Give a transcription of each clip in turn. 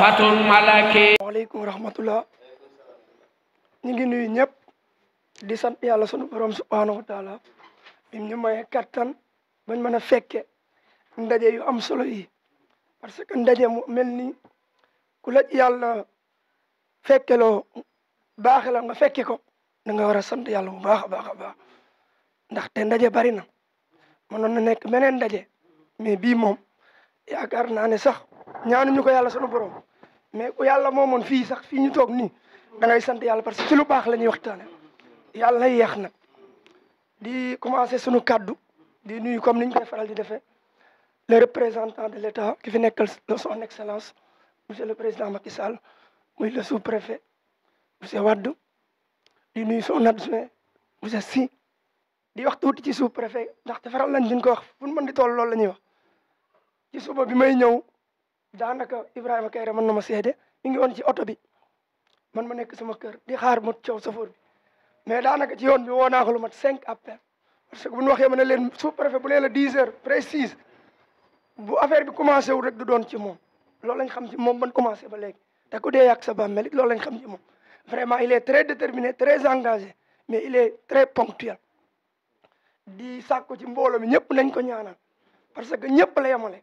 fatul malaki waaleykum rahmatullah ñu ngi nuyu ñëpp di sant yàlla sunu borom subhanahu wa taala bim ñu maye kattan bañ mën fekke ndaje yu am solo yi parce que ndaje mu mel ni ku la yàlla fekkeloo baax la nga fekki ko da nga war a sant yàlla bu baax a baax a baax ndaje bari na mënoon na nekk ndaje mais ne sax sunu borom mais ku yàlla moomoon fii sax fii ñu toog nii da ngay sant yàlla parce que ci lu baax la ñuy waxtaane yàlla yeex nag di commencé suñu kàddu di nuyu comme ni ñu koy faral di defee le représentant de l' état ki fi nekkal son excellence monsieur le président Macky Sall muy le sous préfet monsieur Wade di nuyu son adjoint monsieur si di wax tuuti ci sous préfet ndaxte faral lañ diñ ko wax fu mën di toll loolu la ñuy wax ci suba bi may ñëw daanaka Ibrahima Kayre mën na ma seede mi ngi woon ci oto bi man ma nekk sama kër di xaar ma coow safoor bi mais daanaka ci yoon bi woo naa lu mat cinq appel parce que bu ñu waxee ma ne leen sous préfet bu leen la dix heures précise bu affaire bi commencé wu rek du doon ci moom loolu lañ xam ci moom ban commencé ba léegi te ku dee yàq sa bàmmeel it loolu lañ xam ci moom vraiment il est très déterminé très engagé mais il est très ponctuel di sàkku ci mbooloo mi ñëpp nañ ko ñaanal parce que ñëpp la yemale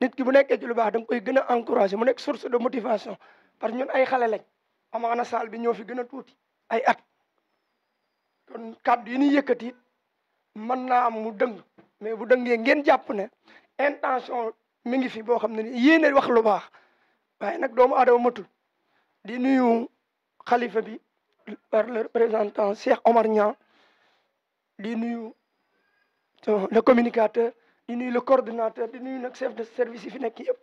nit ki bu nekkee ci lu baax da nga koy gën a mu nekk source de motivation parce que ñun ay xale lañ amaana saal bi ñoo fi gën a tuuti ay at kon kàddu yi ñuy yëkkati mën naa am mu dëng mais bu dëngee ngeen jàpp ne intention mi ngi fi boo xam ne ni yéene wax lu baax waaye nag doomu aadama matul di nuyu xalifa bi par le représentant Cheikh Omar Niang di nuyu le communicateur di nuyu le coordonnateur di nuyu nag chef de service yi fi nekk yëpp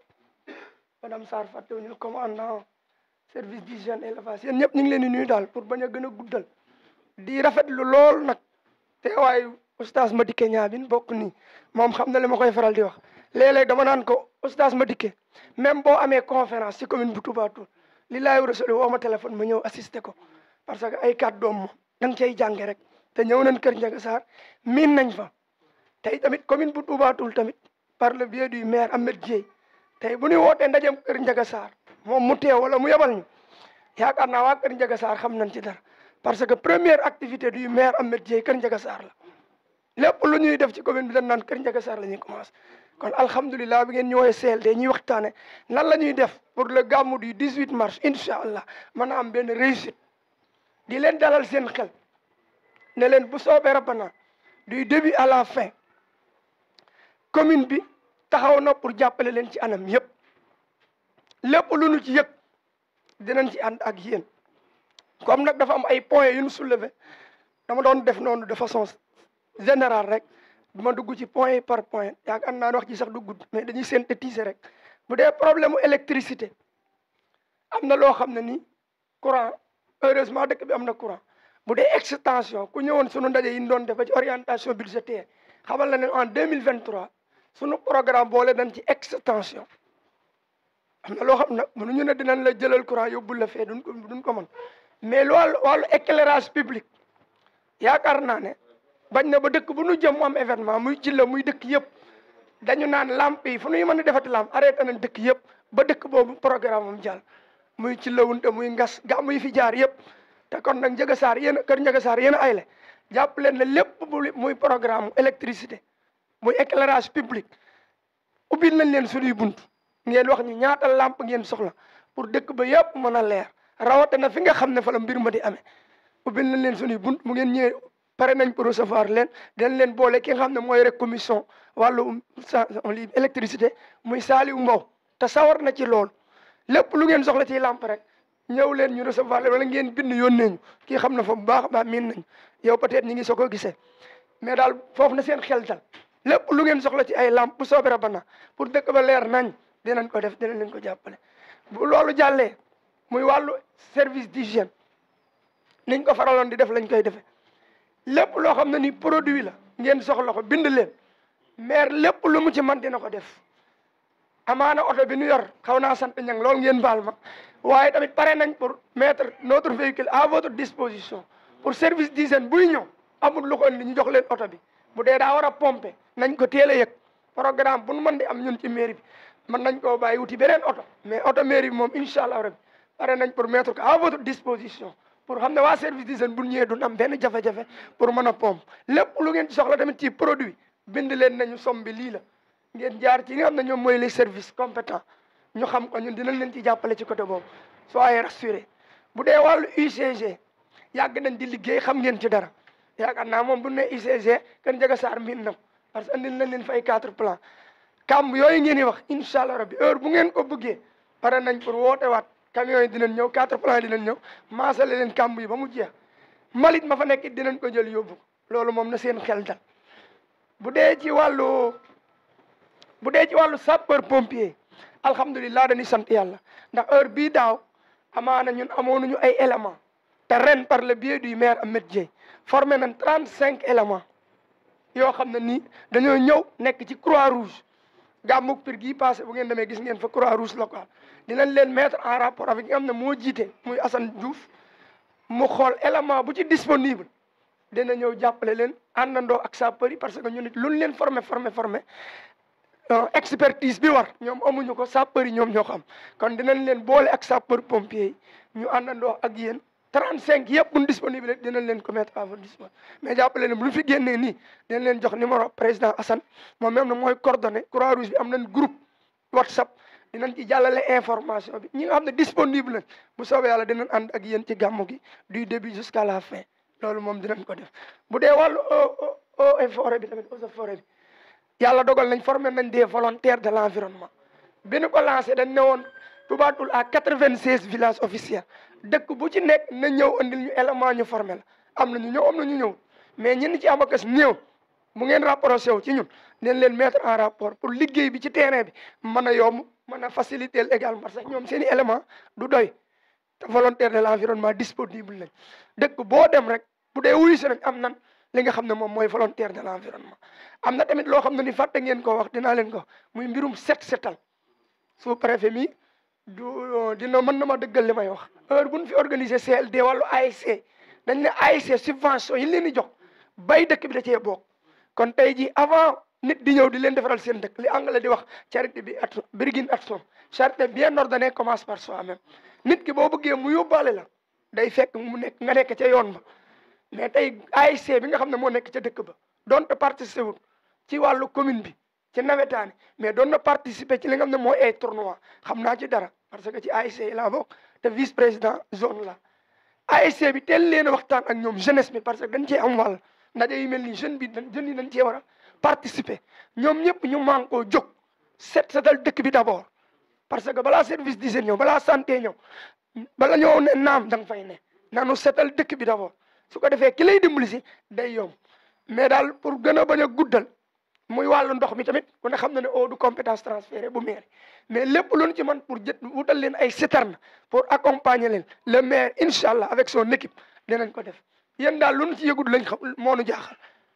madame Sarr fàttewuñu le commandant service d'hygiène élevage yéen ñëpp ñu ngi leen di nuy daal pour bañ gën a guddal di rafet lu lool nag teewaayu oustaz Madické Niang bokk nii moom xam na li ma koy faral di wax léeg-léeg dama naan ko oustaz Madické même boo amee conférence ci commune bu Touba Toul li laay rasuli woo ma téléphone ma ñëw assister ko parce que ay kàddoom moom da nga cay jànge rek te ñëw nañ kër Ndiaga Sarr miin nañ fa tay tamit commune bu Touba Toul tamit par le biais du maire Ahmed Dieye tey bu ñu wootee ndajem kër Ndiaga Sarr moom mu teew wala mu yebal ñu yaakaar naa waa kër Ndiaga xam nañ ci dara parce que première activité du maire Ahmed Dieye kër Ndiaga Sarr la lépp lu ñuy def ci commune bi dañ naan kër Ndiaga Sarr la ñuy commencé kon alhamdulilah bi ngeen ñëwee CLD ñuy waxtaane nan la def pour le gamu du 18 mars incha allah mana a am réussite di leen dalal seen xel ne leen bu soobee rabbana du début à la fin commune bi taxaw na pour jàppale leen ci anam yëpp lépp lu nu ci yëg dinañ ci ànd ak yéen comme nag dafa am ay point yu nu soulevé dama doon def noonu de façon général rek ma dugg ci point yi par point yaakaar naa ne wax ji sax du gudd mais dañuy synthétiser rek bu dee problème mu électricité am na loo xam ne nii courant heureusement dëkk bi am na courant bu dee extension ku ñëwoon sunu ndaje yi ñu doon def ba ci orientation budgétaire xamal la ne en deux mille vingt sunu programme boole dañ ci extension am na loo xam nag mënuñu ne dinañ la jëlal courant yóbbu la fee dun ko ko mën mais loolu wàllu éclairage public yaakaar naa ne bañ na ba dëkk bu nu jëm mu am événement muy la muy dëkk yëpp dañu naan lamp yi fu nuy mën a defati lamp arrêté nañ dëkk yëpp ba dëkk boobu programme am jàll muy ci lawunte muy ngas ga muy fi jaar yëpp te kon nag njëga saar yéen kër njëga saar yéen ay jàpp leen ne lépp bu muy programme électricité muy éclairage public ubbil nañ leen suñuy bunt ngeen wax ni ñaata làmp ngeen soxla pour dëkk ba yëpp mën a leer rawatana fi nga xam ne fala mbir ma di amee ubbil nañ leen suñuy bunt mu ngeen ñëwee pare nañ pour recevoir leen dañ leen boole ki nga xam ne mooy rek commission wàllu li électricité muy Saliou Mbow te sawar na ci lool lépp lu ngeen soxla ci làmp rek ñëw leen ñu recevoir leen ngeen bind yónnee ñu kii xam na fa bu baax baax miin nañ yow peut-être ñi ngi soo gisee mais daal foofu na seen xel dal lépp lu ngeen soxla ci ay làmp bu soobee rabbana pour dëkk ba leer nañ dinañ ko def dinañ leen ko jàppale bu loolu jàllee muy wàllu service d'hygiène niñ ko faraloon di def lañ koy defee lépp loo xam ne ni produit la ngeen soxla ko bind leen maire lépp lu mu ci man dina ko def amaana oto bi nu yor xaw naa sant ñang loolu ngeen baal ma waaye tamit pare nañ pour mettre notre véhicule à votre disposition pour service d'hygiène buy ñëw amul lu ko indi ñu jox leen oto bi bu dee daa war a pomper nañ ko teel a yëg programme bu nu di am ñun ci mairie bi mën nañ koo bàyyi wuti beneen oto mais oto mairie bi moom incha allah rabi nañ pour mettre à votre disposition pour xam wa waa service d'hygiène bu ñëwee duñ am benn jafe-jafe pour mën a pompe lépp lu ngeen soxla tamit ci produit bind leen nañu somme bi lii la ngeen jaar ci nga xam ne ñoom mooy les services compétents ñu xam ko ñun dinañ leen ci jàppale ci côté boobu soyez rassurés bu dee wàllu UCG yàgg nañ di liggéey xam ngeen ci dara ya kan moom bu ne kan jaga saar mbindam parce que andil nañ leen fa ay quatre plan kamb yooyu ngeen di wax incha allah rabbi heure bu ngeen ko bëggee pare nañ pour woote eh, waat camion yi dinañ ñëw quatre plan yi dinañ ñëw maasale leen kamb yi ba mu jeex malit ma fa nekk dinañ ko jël yóbbu loolu moom na seen xel dal bu dee ci wàllu bu dee ci sapeur pompier sant ndax heure ñun ay élément te ren par le biais du maire Ahmed Dieye formé nañ trente cinq éléments yo xam ne nii dañoo ñëw nekk ci croix rouge gàmmug pir gii passé bu ngeen demee gis ngeen fa croix rouge local dinañ leen mettre en rapport avec nga xam ne moo muy Assane Diouf mu élément bu ci disponible dina ñëw jàppale leen àndandoo ak sapeurs parce que ñu nit luñ leen formé formé formé euh, expertise bi war ñoom amuñu ko sapeurs ñoom ñoo ko kon dinañ leen boole ak sapeur pompier yi ñu àndandoo ak 35 yëpp bu ñu disponible dinañ leen ko mettre à votre disposition mais jàppale ne bu ñu fi génnee nii leen jox numéro président Assane moom même na mooy coordonné croix rouge bi am nañ groupe whatsapp dinañ ci jàllale information bi ñi nga xam ne disponible lañ bu soobee yàlla dinañ ànd ak yéen ci gàmmu gi du début jusqu'à la fin loolu moom dinañ ko def bu dee wàllu eaux bi tamit eaux yàlla dogal nañ formé nañ des volontaires de l' environnement bi ñu ko lancé dañ ne woon Touba Toul à 96 villages officiels dëkk bu ci nekk na ñëw andil ñu élément ñu formel am na ñu ñëw am na ñu ñëw mais ñenn ci abakas néew mu ngeen rapproché wu ci ñun neen leen mettre en rapport pour liggéey bi ci terrain bi mën a yomb mën a faciliter également que ñoom seen i élément du doy te volontaire de l' environnement disponible lañ dëkk boo dem rek bu dee wuyu si nañ am nan li nga xam ne moom mooy volontaire de l' environnement am na tamit loo xam ne ni fàtte ngeen ko wax dinaa leen ko muy mbirum set setal sous préfet mi du euh, dina mën na ma dëggal li may wax heure bu ñu fi organiser CLD wàllu ASC dañ ne ASC subvention yi leen di jox bay dëkk bi da cee bokk kon tey jii avant nit di ñëw di leen defaral seen dëkk li anglais di wax charité bi at birgin at som charité bien ordonnée commence par soi-même nit ki boo bëggee mu yóbbaale la day fekk mu nekk nga nekk ca yoon ma mais tey ASC bi nga xam ne moo nekk ca dëkk ba donte participer wul ci wàllu commune bi ci nawetaani mais doon na participer ci li nga xam ne mooy ay tournoi xam naa ci dara parce que ci ASC laa bokk te vice président zone la ASC bi teel leen a waxtaan ak ñoom jeunesse bi parce que dañ cee am wàll na yu mel ni jeune bi dañ jeune yi dañ cee war a participer ñoom ñëpp ñu man koo jóg set setal dëkk bi d' abord parce que balaa service d'hygiène ñëw balaa santé ñëw bala ñoo ne naam da nga fay ne nanu setal dëkk bi d' abord su ko defee ki lay dimbali si day yomb mais daal pour gën a bañ a guddal muy wàllu ndox mi tamit ku ne xam na ne eau du compétence transférée bu maire mais lépp lu ci man pour jët wutal leen ay citerne pour accompagner leen le maire incha allah avec son équipe nañ ko def yéen daal lu ñu ci yëgut lañ xam moo nu jaaxal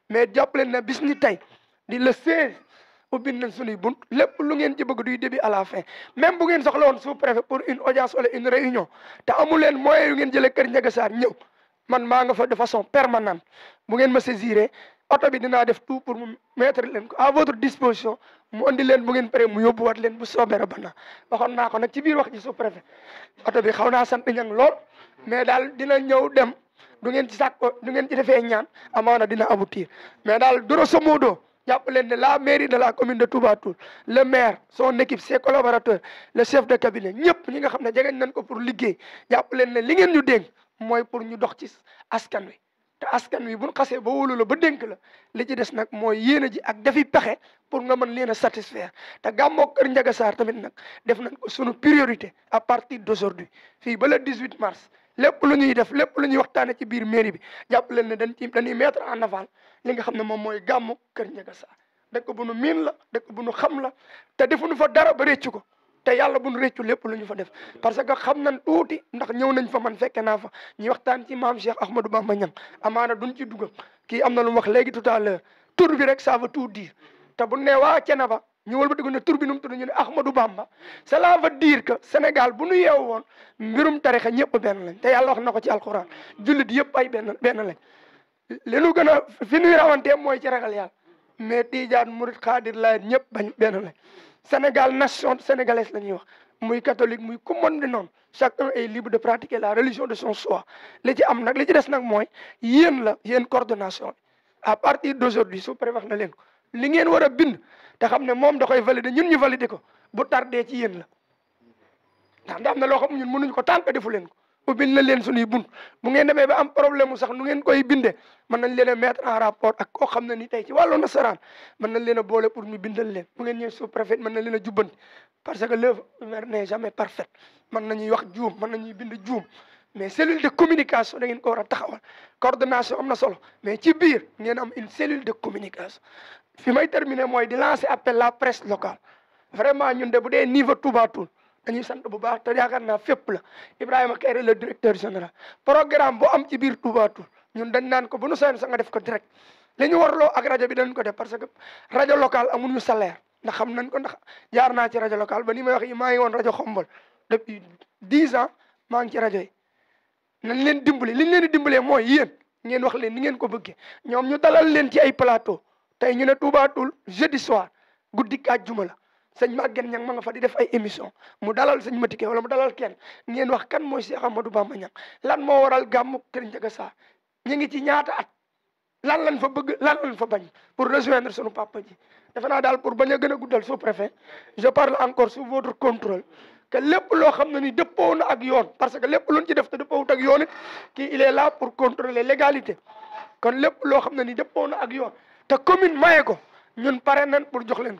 mais jàpp leen ne bis ñi tey di le 16 ubbi nañ suñuy bunt lépp lu ngeen ci bëgg duy début à la fin même bu ngeen soxla woon sous préfet pour une audience wala une réunion te amu len moyen yu ngeen jëlee kër Ndiaga Sarr ñëw man maa nga fa de façon bu ngeen ma saisiré oto bi dinaa def tout pour mu metre leen ko à votre disposition mu andi leen bu ngeen pare mu yóbbuwaat leen bu soobee rabbana waxoon naa ko na ci biir wax ji sous préfet oto bi xaw naa sant ñang lool mais daal dina ñëw dem du ngeen ci sàkko du ngeen ci defee ñaan amaana dina aboutir mais daal grosso modo jàpp leen ne la mairie de la commune de Touba Toul le maire son équipe ses collaborateurs le chef de cabinet ñëpp ñi nga xam ne jegeñ nañ ko pour liggéey jàpp leen ne li ngeen ñu dénk mooy pour ñu dox ci askan wi te askan wi bu buñ xasee ba wóolu la ba dénk la li ci des nag mooy yéene ji ak dafi pexe pour nga mën leen a satisfaire te gàmmoo kër Njaga Saar tamit nag def nañ ko sunu priorité à partir de d'aujourd'hui fii ba le 18 mars lépp lu ñuy def lépp lu ñuy waxtaane ci biir mairie bi jàpp leen ne dañ ci dañuy mettre en avant li nga xam ne moom mooy gàmmu kër Njaga Saar dëkk bu nu miin la dëkk bu nu xam la te defuñu fa dara ba réccu ko te yàlla buñ réccu lépp lu ñu fa def parce que xam nañ tuuti ndax ñëw nañ fa man fekke naa fa ñuy waxtaan ci maam Cheikh Ahmadou Bamba Niang amaana duñ ci dugg kii am na lu wax léegi tout à tur bi rek saa veut tout dire te bu ne waa ba ñu wëlbatiku ne tur bi nu mu tudd ñu ne Ahmadou Bamba cela veut dire que Sénégal bu nu yeew woon mbirum tarixa ñëpp benn lañ te yàlla wax na ko ci alxuraan jullit yëpp ay benn benn lañ li nu gën a fi nuy rawantee mooy ci ragal mais Tiijaan Murit Xaadir Laayeen ñëpp bañ benn la Sénégal nation sénégalaise la ñuy wax muy catholique muy ku mën noon chaque chacun est libre de pratiquer la religion de son choix li ci am nag li ci des nag mooy yéen la yéen coordination bi à partir d'aujourd'hui su prévax na leen ko li ngeen war a bind te xam ne moom da koy valider ñun ñu valider ko bu tardé ci yéen la ndax am na loo xam ñun mënuñ ko tant que defu leen ko ubbil na leen suñuy bunt bu ngeen demee ba am problème mu sax nu ngeen koy binde mën nañ leen a mettre en rapport ak koo xam na ni tey ci wàllu nasaraan mën nañ leen a boole pour ñu bindal leen bu ngeen ñëw sous préfet na nañ leen a jubbanti parce que l'œuvre humaine n'est jamais parfaite mën nañuy wax juum mën nañuy bind juum mais cellule de communication da ngeen ko war a taxawal coordination am na solo mais ci biir ngeen am une cellule de communication fi may terminer mooy di lancer appel la presse locale vraiment ñun de bu dee niveau Touba Alioune bu baax te yaakaar naa fépp la Ibrahima Kairé le directeur général programme bu am ci biir Touba Toul ñun dañ naan ko bu nu sañoon sax nga def ko direct li ñu warloo ak rajo bi dañ ko def parce que rajo local amuñu salaire ndax xam nañ ko ndax jaar naa ci rajo local ba ni may wax yi maa ngi woon rajo xombal depuis dix ans maa ngi ci rajo yi nañ leen dimbale liñ leen di dimbalee mooy yéen ngeen wax leen ni ngeen ko bëggee ñoom ñu dalal leen ci ay plateau tey ñu ne Touba jeudi soir guddi la sëñ Maguette Niang ma nga fa di def ay émission mu dalal sëñ Madické wala mu dalal kenn ngeen wax kan mooy Cheikh Amadou Bamba Niang lan moo waral gàmmu kër Ndiaga Sarr ñu ngi ci ñaata at lan lañ fa bëgg lan lañ fa bañ pour rejoindre sunu papa ji defe naa daal pour bañ a gën a guddal sous préfet je parle encore sous votre contrôle que lépp loo xam ne ni dëppoo na ak yoon parce que lépp luñ ci def te dëppoowut ak yoon it il est là pour contrôler légalité kon lépp loo xam ni dëppoo ak yoon te commune maye ñun pare nañ pour jox leen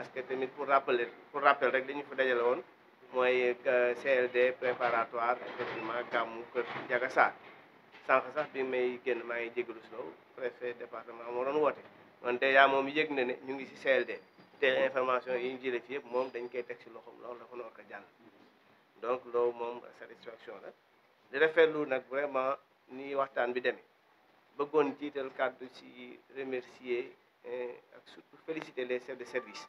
parce que tamit pour rappeler pour rappel rek dañu fa dajale woon mooy CLD préparatoire effectivement gàmmu kër Ndiaga Sarr sànq sax bi may génn maa ngi jégalu si loolu préfet département moo doon woote man dèjà moom yëg na ne ñu ngi si CLD te information yi ñu jëlee fi yëpp moom dañ koy teg si loxoom loolu dafa noo ko jàll donc loolu moom satisfaction la di rafetlu nag vraiment ni waxtaan bi demee bëggoon jiital kàddu ci remercier eh, ak surtout féliciter les se de service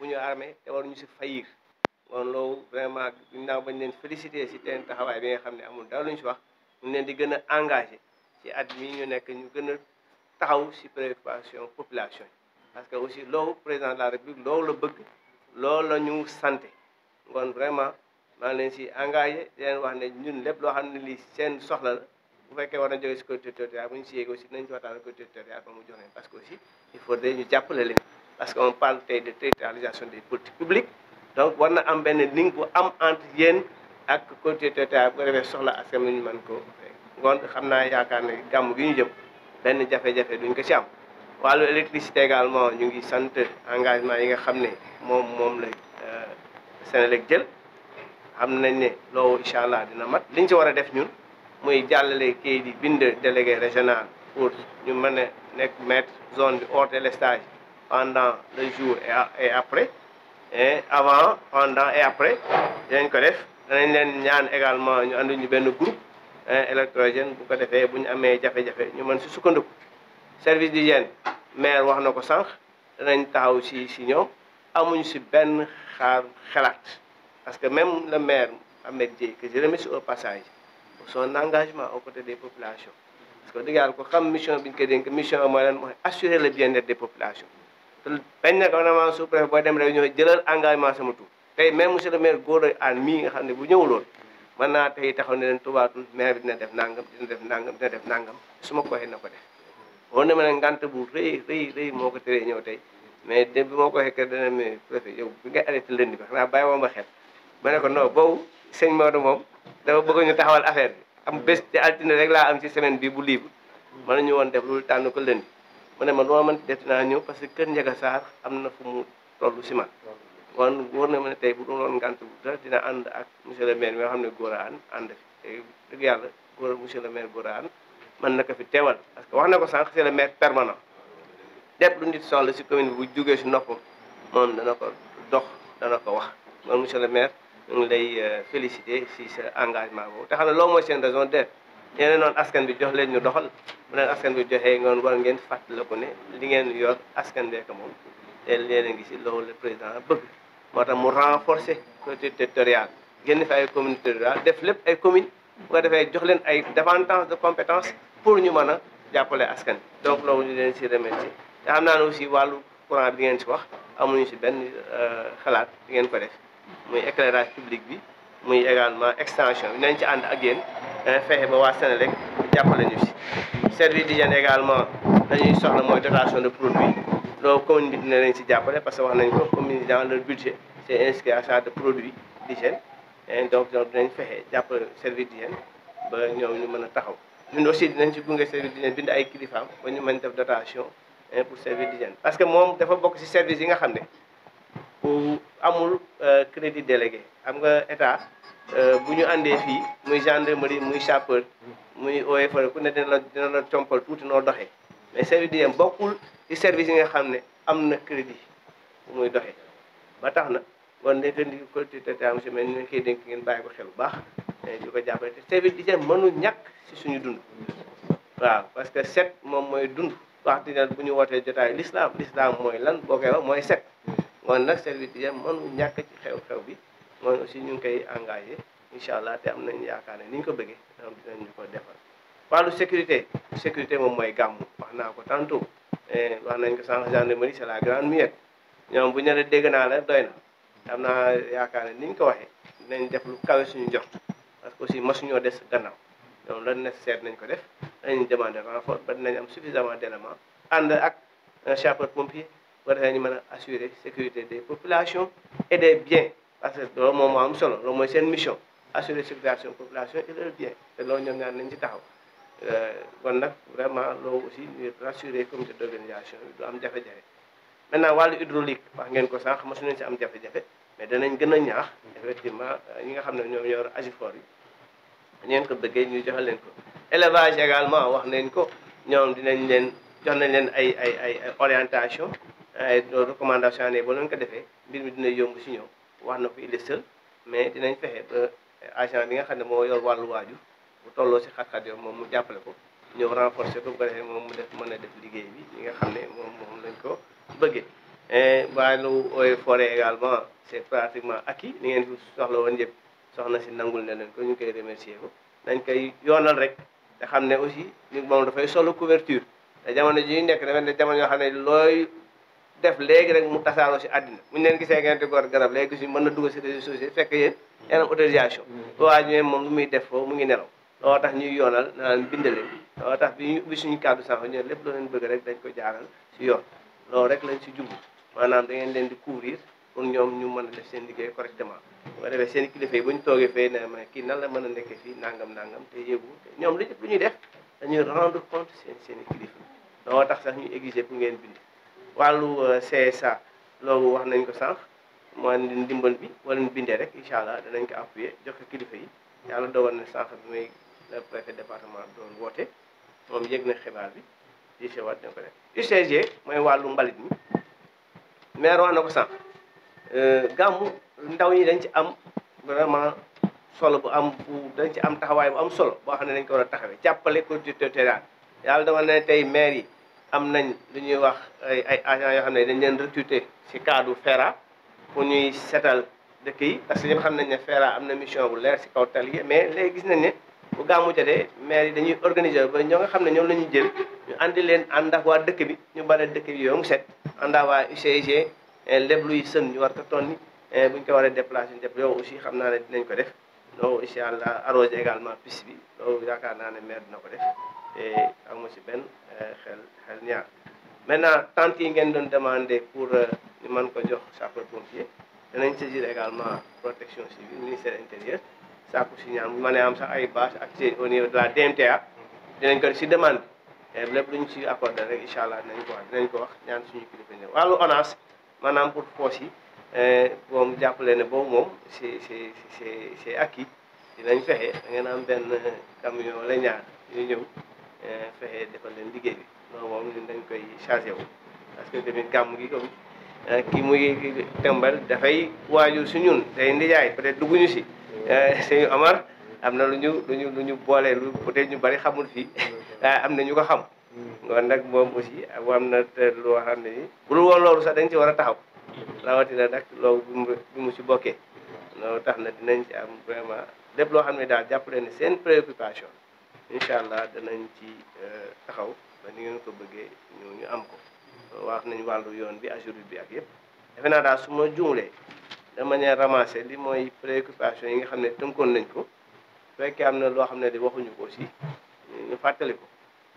bu ñu armé te ñu si fayir kon loolu vraiment ginnaaw bañ leen félicité si seen taxawaay bi nga xam ne amul dara lu ñu si wax ñu leen di gën a engagé ci at mi ñu nekk ñu gën a taxaw si préoccupation population yi parce que aussi loolu président de la république loolu la bëgg loolu la ñu santé kon vraiment maa leen si engagé di leen wax ne ñun lépp loo xam ne lii seen soxla la bu fekkee war na jógee si collectivité territoriale bu ñu si yéegee aussi nañ si waxtaan ak collectivité territoriale ba mu jox leen parce que aussi il faudrait ñu jàppale leen parce que qu'on parle tey de territorialisation des politiques publiques donc war na am benn ligne bu am entre yéen ak côté territorial bu ko defee soxla askan wi ñu man ko ngoon xam naa yaakaar ne gàmm gi ñu jëm benn jafe-jafe duñ ko ci am wàllu électricité également ñu ngi sant engagement yi nga xam ne moom moom la euh, Senelec jël xam nañ ne loo incha allah dina mat liñ ci war a def ñun muy jàllale kii di bind délégué régional pour ñu mën a nekk mettre zone bi hors délestage pendant le jour et, après et hein, avant pendant et après j'ai ko def danañ leen également ñu ànduñu benn groupe hein, électrogène bu ko nous bu ñu amee jafe ñu mën si service d'hygiène maire wax l'a ko nous avons aussi si si ñoom amuñ si un xaar parce que même le maire Ahmed Dieye que j'ai remercie au passage pour son engagement aux côtés des populations parce que nous yàlla ko xam mission bi ñu dénk mission assurer le bien-être des populations te bañ na gouvernement sous préfet booy dem réunion jëlal engagement sama tur tey même monsieur le maire Gora Anne mii nga xam ne bu ñëwuloon mën naa tey taxaw ne leen tubaatul maire bi dina def nangam def nangam def nangam su ma ko waxee na ko def woon na ma ne ngant bu rëy rëy moo ko tëree ñëw tey mais dé bi moo ko waxee que dana ma préfet yow bi nga arrêté lënd bi xanaa bàyyi woo ma xel ma ne ko non boobu sëñ moom dafa bëgg ñu taxawal affaire bi am bés te altine rek laa am ci semaine bi bu libre mën nañu woon def loolu tànn ko lënd mu ne ma lu ma mën naa ñëw parce que kër Ndiaga Sarr am na fu mu toll si man kon wóor na ma ne tey bu doon ngànt bu dara dina ànd ak monsieur le maire mi nga xam ne Gora Anne fi tey yàlla góor monsieur le maire Gora Anne man na ko fi teewal parce que wax na ko sànq c'est le maire permanent lépp lu nit soxla si commune bu jógee si noppam moom dana ko dox dana ko wax kon monsieur le maire ñu ngi lay euh, féliciter si sa engagement boobu te xam ne loolu mooy seen raison d'être yéen noonu askan bi jox leen ñu doxal bu leen askan bi joxee ngoon war ngeen ko ne li ngeen yor askan bee moom te leen a ngi si loolu le président bëgg moo tax mu renforcer collectivité territoriale génn fi ay communauté rurale def lépp ay commune bu ko defee jox leen ay davantage de compétence pour ñu mën a jàppale askan donc loolu ñu leen si remercier te xam naa ne aussi wàllu courant bi ngeen si wax amuñu si benn euh, xalaat di ngeen ko def muy éclairage public bi muy également extension bi nañ ci ànd ak yéen fexe ba waa Sénélec jàppale ñu service d'hygiène également dañuy soxla mooy dotation de produits loolu commune bi dina leen si jàppale parce que wax nañ ko commune dans leur budget c' est inscrit de produits d'hygiène et donc donc dinañ fexe jàppale service d'hygiène ba ñoom ñu mën a taxaw ñun aussi dinañ ci gunge service d'hygiène bind ay kilifaam ba ñu mën def dotation pour service d'hygiène parce que moom dafa bokk si service yi nga xam ne bu amul euh, crédit délégué xam nga état Euh, bu ñu àndee fii muy gendarmerie muy sapeur muy OFR ku ne dina la dina la compal tuuti noo doxee mais service d'hygiène bokkul ci service yi nga xam ne am na crédit muy doxee ba tax na kon ndeke ndi collectivité ta monsieur mel ni koy ko bu baax ko jàppale te service d'hygiène mënul ñàkk ci suñu dund waaw parce que set moom mooy dund wax dina bu ñu wootee jotaay l'islam l'islam mooy lan boo wax mooy set kon nag service d'hygiène mënul ñàkk ci xew-xew bi mooy aussi ñu ngi koy engagé incha allah te am nañ yaakaar ne ni ñu ko bëggee dinañ ñu ko defal wàllu sécurité sécurité moom mooy gàmmu wax naa ko tantôt eh, wax nañ ko sànq gendarmerie c'est la grande muette ñoom bu ñu la dégg naa la doy na am naa yaakaar ne ni ko waxee nañ def lu kawe suñu jot parce que aussi masuñoo des gannaaw ñoom lan nécessaire nañ ko def danañ demander renfort ba nañu am suffisamment d'éléments ànd ak un sapeur pompier ba ñu mën a assurer sécurité des populations et des biens parce que loolu moom moo am solo loo mooy seen mission assurer circulation population et leur bien te loolu ñoom ñaar nañ ci taxaw euh, kon nag vraiment loo aussi ñu rassurer comité d' organisation bi du am jafe-jafe maintenant wàllu hydraulique wax ngeen ko sànq mosu nañ am jafe danañ gën a ñaax effectivement euh, ñi nga xam ne ñoom yor agifor yi ñeen ko bëggee ñu joxe leen ko élevage également wax nañ ko ñoom dinañ leen jox nañ leen ay ay ay orientation ay recommandation ne ba leen ko defee mbir mi dina yomb si ñoom wax na ko illustre mais dinañ fexe ba eh, agent bi nga xam ne moo yor wàllu waaju bu tolloo si xat-xat yow moom mu jàppale ko ñëw renforcer ko bu ko defee moom mu def mën a def liggéey bi ñi nga xam ne moom moom lañ ko bëggee eh, wàllu eaux et forêt également c'est pratiquement acquis ni ngeen fi soxla woon yëpp soxna si nangul ne lañ ko ñu koy remercier ko dañ koy yoonal rek te xam ne aussi moom dafay solo couverture te jamono ji ñu nekk dafa ne jamono def léegi rek mu tasaaroo si àddina buñu leen gisee ngeen di gor garab léegi gisuñu si réseaux sociaux fekk yéen yéen am autorisation mm-hmm. waa ji moom lu muy def foofu mu ngi nelaw loo tax ñuy yoonal bindale tax bi ñu suñu kàddu sànq ñoom lépp loo leen rek dañ ko jaaral si yoon loolu rek lañ si jublu maanaam da ngeen leen di couvrir pour ñoom ñu mën a def seen liggéey correctement bu ko seen kilifa yi ñu toogee fee ne ma kii nan la mën a nekkee fii nangam nangam te yéegu ñoom lu ñuy def dañuy rendre compte seen seen i kilifa loo tax sax ñu exiger pour ngeen bind wàllu euh, CSA loolu wax nañ ko sànq mooy ndimbal bi wala ñu bindee rek incha allah danañ ko appuye jox ko kilifa yi yàlla dogal na sànq bi may le préfet département doon woote moom yëg na xibaar bi UCG waat dina ko def UCG mooy wàllu mbalit mi maire wax na ko sànq euh, gàmmu ndaw yi dañ ci am vraiment solo bu am bu dañ ci am taxawaay bu am solo boo xam ne dañ ko war a taxawee jàppale collectivité territoriale yàlla dogal na tey maire am nañ lu ñuy wax ay ay agents yoo xam ne dañ leen recruter ci cadre FERA pour ñuy seetal dëkk yi parce que ñu xam nañ ne FERA am na mission bu leer ci kaw tali yi mais léegi nañ ne bu gàmmu jotee maire yi dañuy organiser ba ñoo xam ne ñoom la ñuy jël ñu andi leen ànd waa dëkk bi ñu bale dëkk bi yooyu mu set ànd ak waa UCG eh, lépp luy sën ñu war ko ton ni eh, ñu ko war a déplacer yow aussi xam naa ne dinañ ko def no incha allah arrosé également piste bi loolu yaakaar naa ne maire dina ko def et eh, amu si benn xel eh, xel ñaar maintenant tentes yi ngeen doon demandé pour ñu eh, mën ko jox sapeur pompier danañ saisir également protection civile ministère intérieur sàkku si ñaan bu mënee am sa ay bâche ak ci au niveau de la DMTA dinañ ko si demande lépp lu ñu si accordé rek incha allah dinañ ko wax dinañ ko wax ñaan suñu kilifa ñëw wàllu ONAS maanaam pour foos yi moom jàppale ne boobu moom c'est c'est c'est c'est acquis dinañ fexe da ngeen am benn camion wala ñaar yu ñëw Eh, fexe defal leen liggéey bi loolu moom dañ koy changé wu parce que tamit gàmm gi comme eh, ki muy tembal dafay waajur si ñun day ndijaay peut être dugguñu si eh, suñu Amar am na lu ñu lu ñu lu ñu boolee lu peut être ñu bari xamul fii waaye mm-hmm. ah, am na ñu ko xam mm-hmm. kon nag moom aussi am na loo xam ne ni bu dul woon loolu sax dañ ci war a taxaw mm-hmm. rawatina nag loolu bi mu si bokkee loolu tax na dinañ si am vraiment lépp loo xam ne daal jàpp leen ne seen préoccupation incha allah danañ ci euh, taxaw ba ni ngeen ko bëggee ñu ñu am ko wax nañ wàllu yoon bi ajuri bi ak yëpp defe daal su ma jumlee de manière ramassée li mooy préoccupation yi nga xam ne tënkoon nañ ko fekkee am na loo xam ne di waxuñu ko si ñu fàttali ko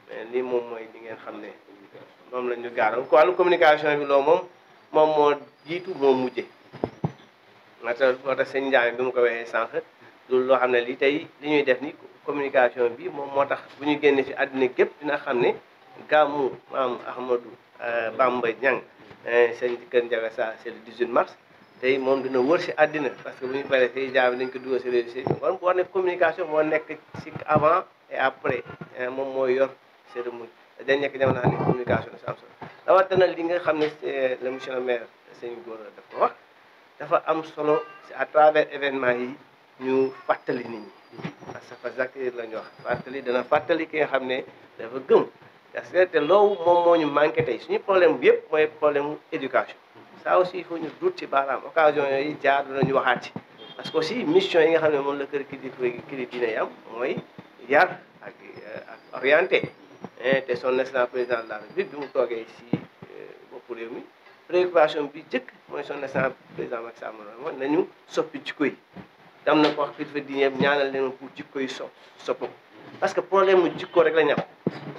mais lii moom mooy li ngeen xam ne moom la ñu gaaral ko wàllu communication bi loo moom moom moo jiitu moo mujje moo tax moo tax sëñ bi mu ko waxee sànq loolu loo xam ne li tey li ñuy def ni communication bi moom moo tax bu ñu génnee ci àddina gépp dina xam ne gàmmu maam Ahmadou euh, Bamba Niang euh, seen kër Ndiaga Sarr c'est le 18 mars tey moom dina wër si àddina parce que bu ñu paree tey jaam dañ ko dugal si réseaux sociaux kon bu war ne communication moo nekk si avant et après euh, moom mooy yor cérémonie dañ nekk jamono xam ne communication si am solo rawatina li nga xam ne le monsieur le maire sëñ Gora daf ko wax dafa am solo à travers événement yi ñu fàttali nit ñi parce que zakir la ñu wax fàttali dana fàttali ki nga xam ne dafa gëm parce que te loolu moom moo ñu manqué tey suñu problème bi yëpp mooy problème éducation ça aussi il faut ñu dut ci baaraam occasion yooyu jaar nañu waxaat parce que aussi mission yi nga xam ne moom la kër kilifa kilifa diine yi am mooy yar ak euh, ak orienté eh, te son excellence président de la bi mu toogee si euh, boppu réew mi préoccupation bi jëkk mooy son excellence président Macky Sall mooy nañu soppi jikko yi te am na ko wax kilifa diine ñaanal leen pour jikko yi so soppu parce que problème mu jikko rek la ñu am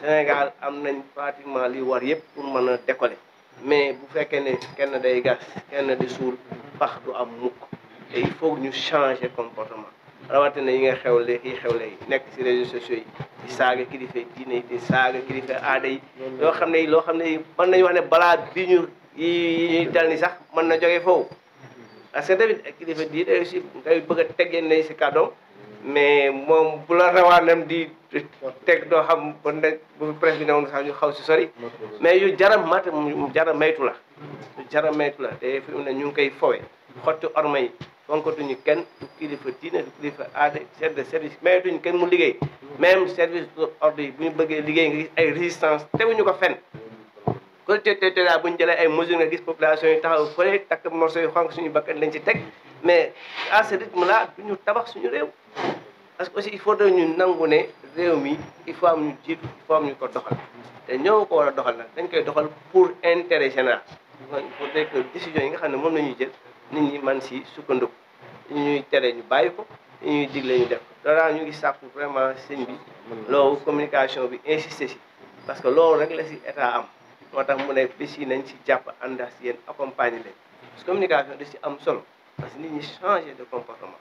Sénégal am nañ pratiquement li war yëpp pour mën a décoller mais bu fekkee ne kenn day gas kenn di suul pax du am mukk te il faut ñu changer comportement rawatina yi nga xewle yi xewle yi nekk ci réseaux sociaux yi di saaga kilifa diine yi di saaga kilifa aada yi yoo xam ne loo xam ne man nañu wax ne balaa bi ñu yi ñuy dal ni sax mën na jóge foofu parce que tamit kilifa diine aussi ngay bëgg a teggee nañ si kàddoom mais moom bu la rawaanam di teg doo xam bu presse bi ne woon sax ñu xaw si sori mais yu jaram mat mu jaram maytu la yu la te ñu ngi koy fowe xotti orma yi fonkatuñu kenn du kilifa diine du kilifa aada chef de service maytuñu kenn mu liggéey mais service de ordre yi bu ñu bëggee liggéey ngi ay résistance teguñu ko fenn collectivité territoriale bu ñu jëlee ay mesures nga gis population yi taxaw fële takk morceau yu xonk suñu bakkan lañ ci teg mais à ce ñu tabax suñu réew parce que aussi il faut ñu nangu ne réew mi il faut am ñu jiitu il faut ko doxal te ñoo ko war a doxal nag dañ koy doxal pour intérêt général il faudrait que décision yi nga xam ne moom la jël nit ñi man si sukkandiku ñu ñuy tere ñu bàyyi ko ñu ñuy digle ñu def ko ñu ngi sàkku vraiment sëñ bi loolu communication bi insister si parce que loolu rek la si état am moo tax mu ne bis yi nañ si jàpp ànd ak yéen accompagner leen parce que communication da si am solo parce que nit ñi changer de comportement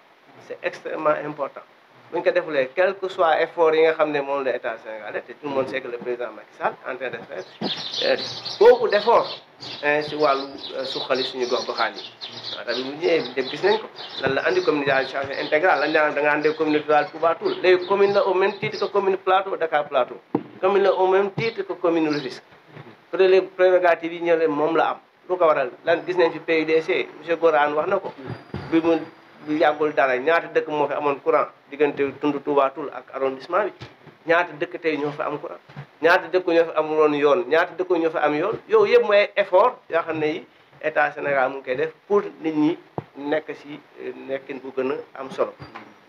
c'est extrêmement important bu ñu ko defulee quel que soit effort yi nga xam ne moom la état sénégalais te tout le monde sait que le président Macky Sall en train de faire euh, beaucoup d'efforts si wàllu euh, suqali suñu gox goxaan yi. waaw tamit bu ñëwee dem gis nañ ko lan la andi communication intégrale lan la commune rurale Touba Toul léegi commune la au même titre que commune Plateau Dakar Plateau prérogative yi ñële moom la am lu ko waral lan gis nañ fi PUDC monsieur Goraan wax na ko bi mu yàggul dara ñaata dëkk moo fi amoon courant diggante tund Touba Toul ak arrondissement bi ñaata dëkk tey ñoo fi am courant ñaata dëkk ñoo fi am amoon yoon ñaata dëkk ñoo fi am yoon yow yëpp mooy effort yoo xam ne yi état Sénégal mu ngi koy def pour nit ñi nekk si nekkin bu gën am solo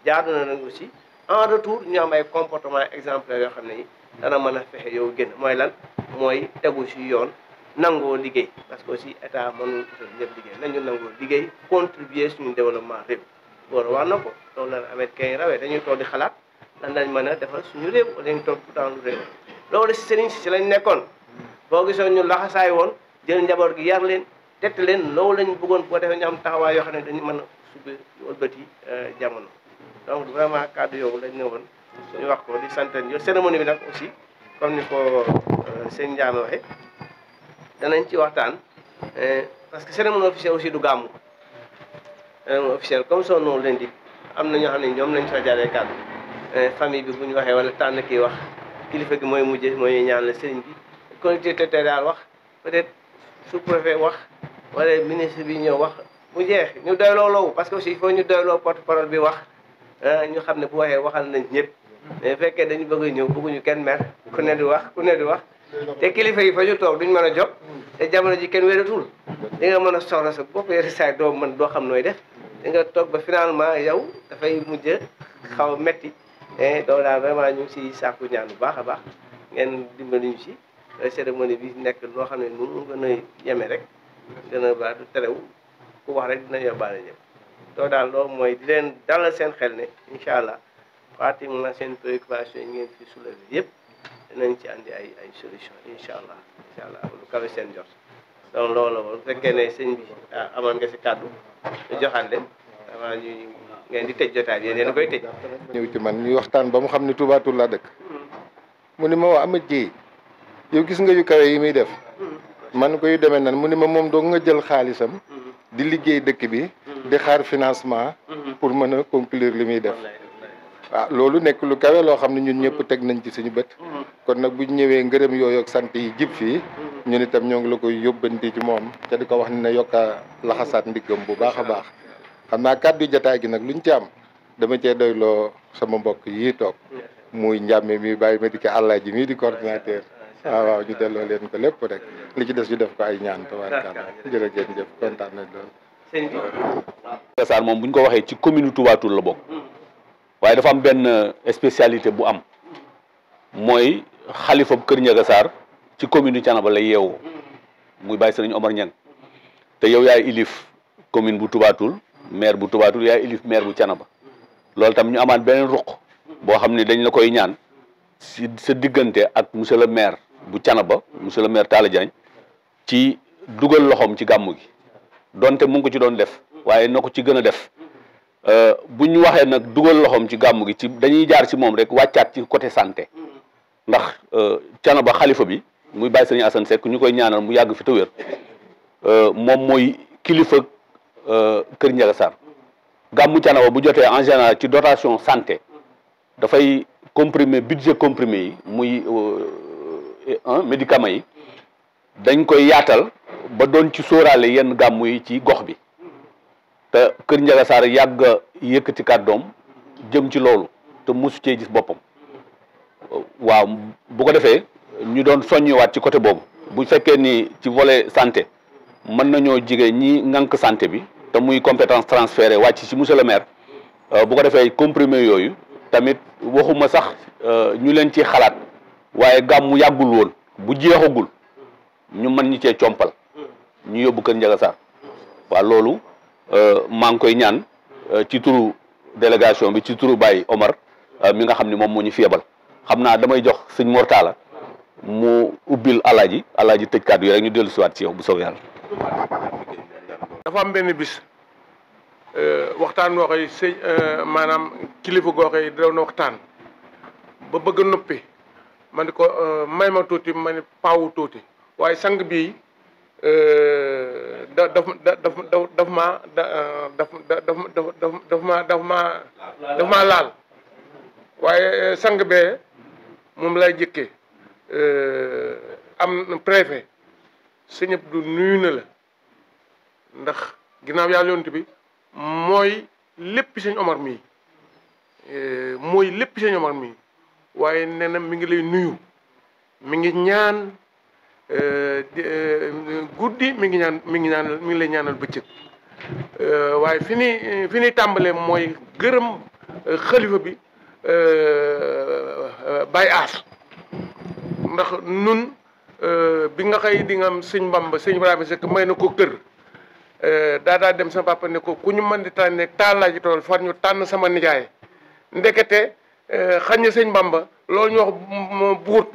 jaar na nag aussi en retour ñu am ay comportement exemplaire yoo xam ne yi dana mën a fexe yow génn mooy lan mooy tegu si yoon nangoo liggéey parce que aussi état mënul utal ñëpp liggéey nañu nangoo liggéey contribuer suñu développement réew góor wax na ko loolu la américain yi rawee dañuy toog di xalaat lan dañ mën a defal suñu réew lañ toog dans réew loolu si sëriñ si lañ nekkoon boo gisoon ñu laxasaay woon jël njaboot gi yar leen tette leen loolu lañ bëggoon boo defee ñu am taxawaay yoo xam ne dañu mën a subi wëlbati euh, jamono donc vraiment kàddu yooyu lañ ne ñu wax ko di sant yo cérémonie bi nag aussi comme ni ko euh, sëñ Ndiame waxe danañ ci waxtaan euh, parce que cérémonie officielle aussi du gàmmu cérémonie officielle comme son nom l'indique am na ñoo xam ne ñoom lañ fa jaaree kàddu euh, famille bi bu ñu waxee wala tànn kii wax kilifa gi mooy mujje mooy ñaan la sëriñ bi te territoriale wax peut-être sous wax wala ministre bi ñëw wax mu jeex ñu doyloo loolu parce que aussi il faut ñu doyloo porte-parole bi wax ñu xam ne bu waxee waxal nañ ñëpp mais fekkee dañu bëgg ñëw bëgguñu kenn mer ku ne di wax ku ne di wax te kilifa yi fa ñu toog duñ mën a jóg te jamono ji kenn wératul di nga mën a soxla sa bopp yéen saa doo xam nooy def di nga toog ba finalement yow dafay mujj xaw a metti et eh, donc vraiment ñu ngi siy sàkku ñaan bu baax a baax ngeen dimbali ñu si euh, cérémonie bi nekk loo xam ne nu mu gën a yeme rek gën a baatu terew ku wax rek dina yóbbaale ñëpp donc daal loolu mooy di dalal seen xel ne incha allah. pratiquement seen préoccupation yi ngeen fi soulevé yëpp dinañ ci andi ay ay solution incha allah incha allah lu kawe seen jot donc loolu la woon fekkee ne sëñ bi ah nga si kàddu ñu joxaan leen avant ñu ngeen di tëj jotaay bi yéen koy tëj. ñëw ci man ñuy waxtaan ba mu xam ne Touba Toul laa dëkk. mu ni ma waa Amath Dieye yow gis nga yu kawe yi muy def. man ko yu demee nan mu ni ma moom doog nga jël xaalisam. di liggéey dëkk bi. di xaar financement. Mm-hmm. pour mën a conclure li muy def. ah loolu nekk lu kawe loo xam ne ñun ñëpp teg nañ ci suñu bët mm-hmm. kon nag bu ñu ñëwee ngërëm yooyu ak sant yi jib fii mm-hmm. ñun itam ñoo ngi la koy yóbbanti ci moom te di ko wax ne yokk a laxasaat ndiggam bu baax baax xam naa kàddu gi nag luñ ci am dama cee doyloo sama mbokk yii toog muy njàmme mi bàyyi ma di ko ji mii di coordinateur waaw ah, waaw ñu delloo leen ko lépp rek li ci des ñu def ko ay ñaan tabaarkalla jërëjëf kontaan nañ loolu. Sëñ bi. Sassane moom bu ñu ko waxee ci commune Touba Toul la bokk. Mm-hmm. waaye dafa am benn euh, spécialité bu am mooy xalifa kër Ndiaga Sarr ci commune yu Thiénaba lay yeewoo muy bàyyi sëriñ Omar Niang te yow yaay ilif commune bu Toubatoul maire bu Toubatoul yaay ilif maire bu Thiénaba loolu tam ñu amaat beneen ruq boo xam ne dañ la koy ñaan si sa diggante ak monsieur le maire bu Thiénaba monsieur le maire Talla Diagne ci dugal loxoom ci gàmmu gi donte mu ngi ko ci doon def waaye noo ko ci gën a def Euh, bu ñu waxee nag dugal loxoom ci gàmm gi ci dañuy jaar ci moom rek wàccaat ci côté santé mm-hmm. ndax Thiénaba euh, xalifa bi muy bàyyi sëriñ Assane Seck ñu koy ñaanal mu yàgg fi te wér euh, moom mooy kilifa Kër Ndiaga Sarr mm-hmm. gàmmu Thiénaba bu jotee en général ci dotation santé dafay comprimé budget comprimé yi muy médicament yi mm-hmm. dañ koy yaatal ba doon ci sóoraale yenn gàmmu yi ci gox bi te kër Njaga Saar yàgg yëkkati kàddoom jëm ci loolu te mosu cee gis boppam waaw bu ko defee ñu doon soññiwaat ci côté boobu bu fekkee ni ci volet santé mën nañoo jigéen ñi ngànk santé bi te muy compétence transférée wàcc ci monsieur le maire euh, bu ko defee comprimé yooyu tamit waxuma sax euh, ñu leen ci xalaat waaye gàmmu yàggul woon bu jeexagul ñu mën ñi cee compal ñu yóbbu kër Njaga Saar loolu Euh, maa ngi koy ñaan euh, ci turu délégation bi ci turu Omar euh, mi nga xam ne moom moo ñu jok sing damay jox sëñ Mortala mu ubil alaaji alaaji tëj kàddu yi rek ñu dellu siwaat ci yow bu soobee yàlla. dafa am benn bis waxtaan woo koy sëñ maanaam kilifa goo daw na waxtaan ba bëgg noppi ma ko may ma tuuti ma sang Euh, da daf da daf daf maa da euh, daf daf daf maa daf maa laal waaye euh, sang bee moom lay jëkkee am préfet sëñ Abdou nuyu na la ndax ginnaaw yàlla yonent bi mooy lépp sëñ Omar mii mooy lépp sëñ Omar mii waaye nee mi ngi lay nuyu mi ngi ñaan Euh, euh, guddi mi ngi ñaan mi ngi ñaanal mi ngi lay ñaanal bëccëg euh, waaye fi ni fi ni tàmbalee mooy gërëm xalifa bi Baye Ass ndax nun bi nga xay di nga am sëñ Mbamba sëñ Ibrahima Seck may na ko kër daa daa dem sama papa ne ku ñu mën di tànne taalaa ji tool far ñu tànn sama nijaay ndekete xañ na sëñ Mbamba loolu ñu wax mm, buut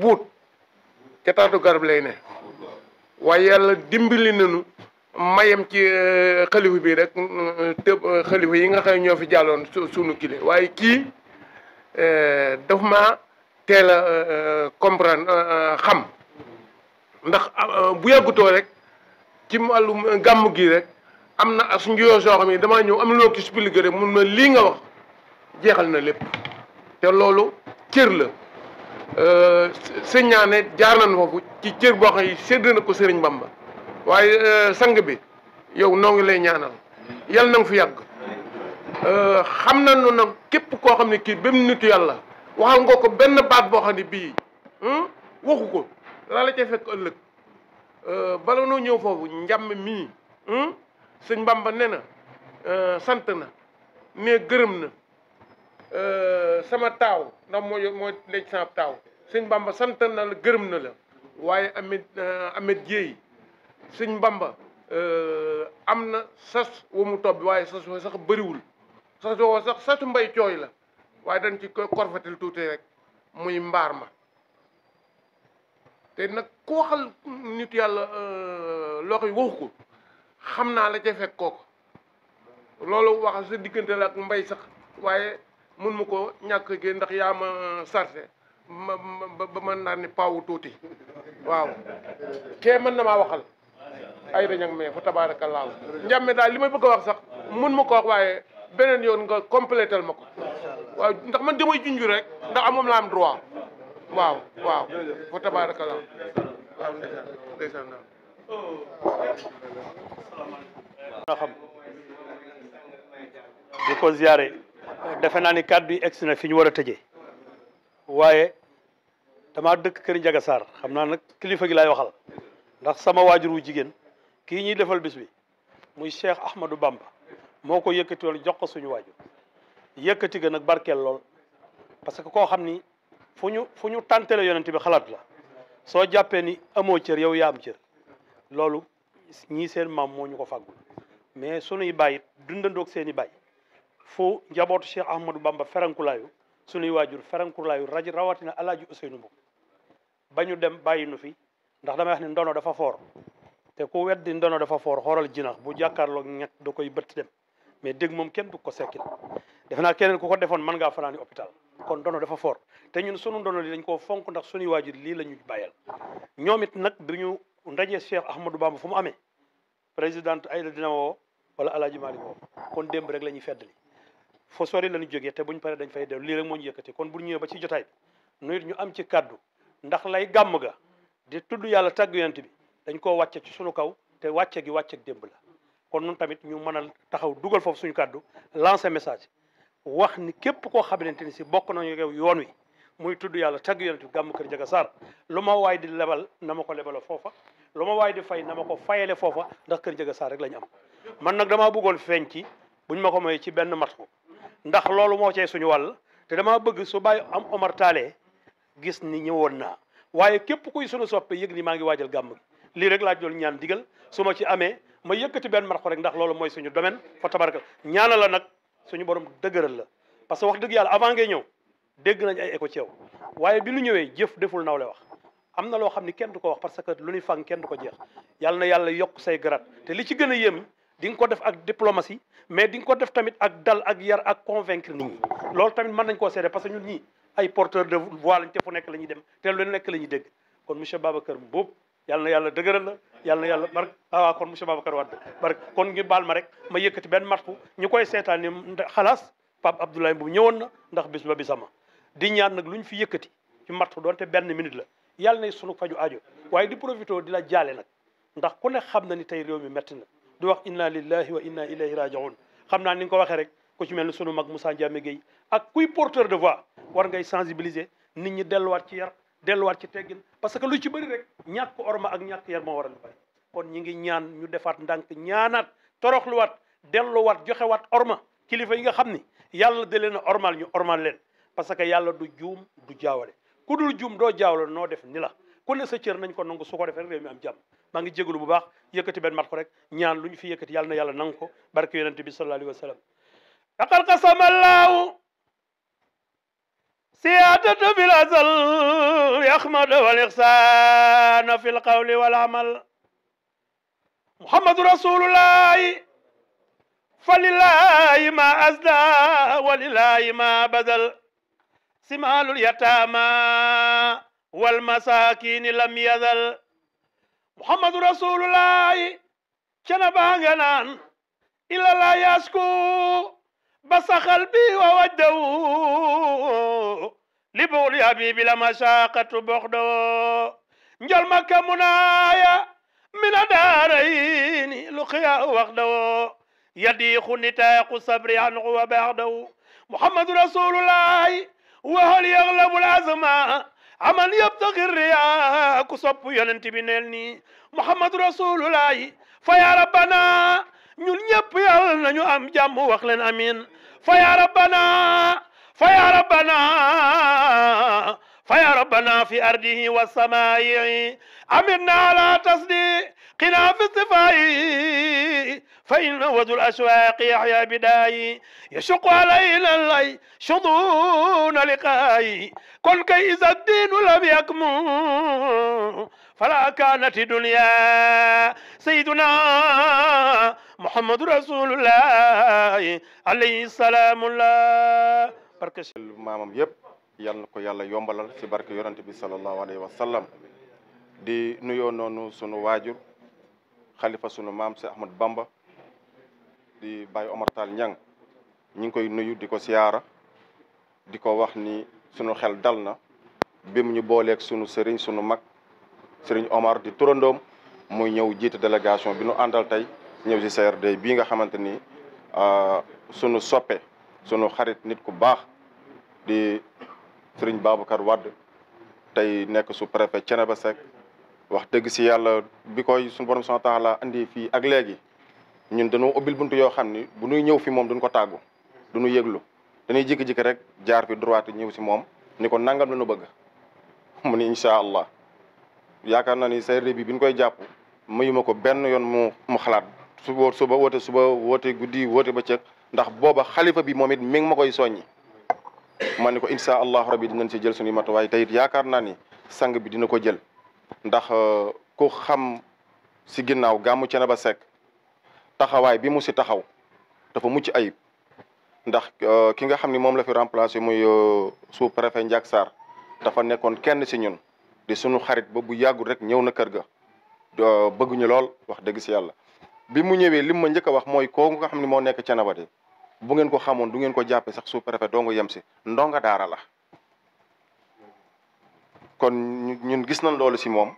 buut ca taatu garab lay ne waaye yàlla dimbali nañu mayam ci euh, xalifa bi rek euh, tëb euh, xalifa yi nga xam ñoo fi jàlloon sunu kile waaye kii daf ma teel a comprendre xam ndax bu yàggutoo rek ci wàllum gàmm gii rek am na as njuyoo soo xam dama ñëw am loo ko expliqué rek mun ma lii nga wax jeexal na lépp te loolu cër la Euh, sëñ ñaane jaar nañ foofu ci cër boo xam ne sédd na ko sereñ Bamba waaye euh, sang bi yow noo ngi lay ñaanal yal na nga fi yàgg euh, xam na nu képp koo xam ne kii ba mu nitu yàlla waxal nga ko benn baat boo xam ne bii hmm? waxu ko laa la ca fekk ëllëg bala noo ñëw foofu njàmm mii hmm? sëñ Bamba ne na sant na ne gërëm na Euh, sama taaw ndax mooy mooy léegi sama taaw sëñ mbamba sant na la gërëm na la waaye Amet euh, Amet Jéey sëñ Bamba euh, am na sas wu mu topp waaye sas woo sax bariwul sas woo sax sasu mbay cooy la waaye dañ ci koy korfatil tuuti rek muy mbaar ma te nag ku waxal nit yàlla loxo yi waxu ko xam naa la ca fekk kooku loolu wax sa diggante la ak mbay sax waaye mun mu ko ñàkk gi ndax yaa ma ba mën naa ni paawu tuuti waaw kee mën na maa waxal ay dañag mais fa tabaarakallaahu njàmme daal li may bëgg a wax sax mun ma ko wax waaye beneen yoon nga complétel ma ko waaw ndax man damay junju rek ndax amoom la am droit waaw waaw fa tabaarakallaahu waaw ndeysaan xam di ko ziyaare defe naa ni kàddu yi egsi na fi ñu war a tëjee waaye dama dëkk kër Njaga saar xam naa nag kilifa gi laay waxal ndax sama waajur wu jigéen kii ñuy defal bis bi muy Cheikh Ahmadou Bamba moo ko yëkkati jox ko suñu waajur yëkkati ga nag barkeel lool parce que koo xam ni fu ñu fu ñu tàntale yonent bi xalaat la soo jàppee ni amoo cër yow yaa am cër loolu ñii seen mam moo ñu ko fàggul mais sunuy bàyyi dundandoog seeni i fo njabootu Cheikh Ahmadou Bamba ferankulaayu sunuy waajur ferankulaayu rajo rawatina alaaji Ousseynou Mbow ba dem bàyyi nu fi ndax damay wax ne ndono dafa foor te ku weddi ndono dafa foor Horal jinax bu jàkkaarloog ñett da koy dem mais dégg moom kenn du ko sekkil defe keneen ku ko defoon mën ngaa fanaani hôpital kon ndono dafa foor te ñun sunu ndono li dañ koo fonk ndax sunuy waajur lii la ñu bàyyal ñoom it nag Cheikh Ahmadou Bamba fu mu amee présidente Aïda dina wo wala Alaji Malick woo kon démb rek la feddali fo sori la ñu jóge te bu ñu paree dañ fay dellu lii rek moo ñu yëkkati kon bu ñëwee ba ci jotaay bi nuyit ñu am ci kàddu ndax lay gàmm ga di tudd yàlla tàgg yonent bi dañ koo wàcce ci suñu kaw te wàcce gi wàcce démb la kon nun tamit ñu mën a taxaw dugal foofu suñu kàddu lancer message wax ni képp koo xamante ni si bokk nañu réew yoon wi muy tudd yàlla tagg yonent bi gàmm kër Njaga Sarr lu ma waay di lebal na ma ko lebalo foofa lu ma waay di fay na ma ko fayale foofa ndax kër Njaga Sarr rek la am man nag damaa bëggoon feeñ ci buñ ma ko moyee ci benn mat ndax loolu moo cee suñu wàll te dama bëgg su bàyyi am Omar taalee gis ni ñëwoon naa waaye képp kuy suñu soppe yëg ni maa ngi waajal gàmm gi lii rek laa doon ñaan digal su ma ci amee ma yëkkati benn marxo rek ndax loolu mooy suñu domaine fa tabaraka ñaana la nag suñu borom dëgëral la parce que wax dëgg yàlla avant ngay ñëw dégg nañ ay écho ci waaye bi lu ñëwee jëf deful nawle wax am na loo xam ni kenn du ko wax parce que lu ñuy fang kenn du ko jeex yàlla na yàlla yokk say garat te li ci gën a di nga ko def ak diplomatie mais di nga ko def tamit ak dal ak yar ak convaincre ni ñi loolu tamit mën nañ koo seede parce que ñun ñii ay porteur de voix lañ te fu nekk la dem te lu nekk la ñuy dégg kon monsieur Babacar Mboup yàlla na yàlla dëgëral la yàlla na yàlla bark ah kon monsieur Babacar Wade bark kon ngi baal ma rek ma yëkkati benn matku ñu koy seetaani xalaas Pape Abdoulaye Mboup ñëwoon na ndax bis ba bisama di ñaan nag lu ñu fi yëkkati ci matku doonte benn minute la yàlla na sunu faju aajo waaye di profité di la jaale nag ndax ku ne xam na ni tey réew mi metti na du wax inna lillahi wa inna ilayhi rajiun xam naa ni nga ko waxee rek ku ci mel ni sunu mag Moussa Ndiame Guèye ak kuy porteur de voix war ngay sensibiliser nit ñi delluwaat ci yar delluwaat ci teggin parce que lu ci bëri rek ñàkk orma ak ñàkk yar moo waral bari kon ñi ngi ñaan ñu defaat ndànk ñaanaat toroxluwaat delluwaat joxewaat orma kilifa yi nga xam ni yàlla da leen a ormal ñu ormal leen parce que yàlla du juum du jaawale ku dul juum doo jaawale noo def ni la ku ne sa cër nañ ko nangu su ko defee réew mi am jàmm maa ngi jégalu bu baax yëkkati benn mat ko rek ñaan lu ñu fi yëkkati yàlla na yàlla nangu ko barke yonent bi sallallahu alayhi wa sallam laqad qasama allahu سيادة في الأزل يخمد والإحسان في القول والعمل محمد رسول الله فلله ما أزدى ولله ما بذل سمال اليتامى والمساكين لم يذل محمد رسول الله كان باغنان إلا لا يسكو بس قلبي وودو لبول حبيب لما شاقت بغدو نجل مكة منايا من دارين لقيا وغدو يديخ نتاق صبري عنه وبعده محمد رسول الله وهل يغلب الأزمة aman yabtaghi riyaa ku sopp yonent bi neel nii muhammadu rasulullahi fa ya rabbana ñun ñëpp yàlla nañu am jàmm wax leen amin fa ya rabbana fa ya rabbana فيا ربنا في أرضه والسماء أمنا على تصديقنا في الصفاء فإن وذو الأشواق يحيى بداي يشق علينا اللي شضون لقائي كن كي إذا الدين لم يكمل فلا كانت دنيا سيدنا محمد رسول الله عليه السلام الله بركة maamam yal na ko yàlla yombalal ci barke yonent bi sallallahu alayhi wa sallam di nuyoo noonu sunu waajur xalifa sunu maam si Ahmad Bamba di Baye Omar Tall Niang ñi ngi koy nuyu di ko siyaara di ko wax ni sunu xel dal na bi mu ñu booleeg sunu sëriñ sunu mag sëriñ Omar di turandoom muy ñëw jiite délégation bi nu àndal tey ñëw ci CRD bii nga xamante ni ah, sunu soppe sunu xarit nit ku baax sëriñ Babacar Wade tey nekk su préfet Thiénaba Seck wax dëgg si yàlla bi koy suñu borom subhaanahu wa taala andi fii ak léegi ñun dañoo ubbil buntu yoo xam ni bu ñuy ñëw fi moom duñ ko tàggu duñu yëglu dañuy jékki-jékki rek jaar fi droit ñëw si moom ni ko nangam la ñu bëgg mu ni allah yaakaar naa ni sayre bi bi ñu koy jàpp mayuma ko benn yoon mu mu xalaat suba suba woote suba woote guddi woote bëccëg ndax booba xalifa bi moom it mi ma koy soññi ma ni Allah insha allahu rabi dinañ ci jël suñu matuwaay te ni sang bi dina ko jël ndax euh, ku xam si ginnaaw gàmmu Thiénaba Seck taxawaay bi mu si taxaw dafa mucc ayib ndax euh, ki nga xam ni moom la fi remplacé muy euh, sous préfet Ndiak Sarr dafa nekkoon kenn si ñun di suñu xarit ba bu rek na kër ga bëgguñu lool wax bi mu lim ma wax nga de bu ngeen ko xamoon du ngeen ko jàppe sax sous-préfet doo nga yem si ndonga daara la kon ñun gis nañ loolu si gamoran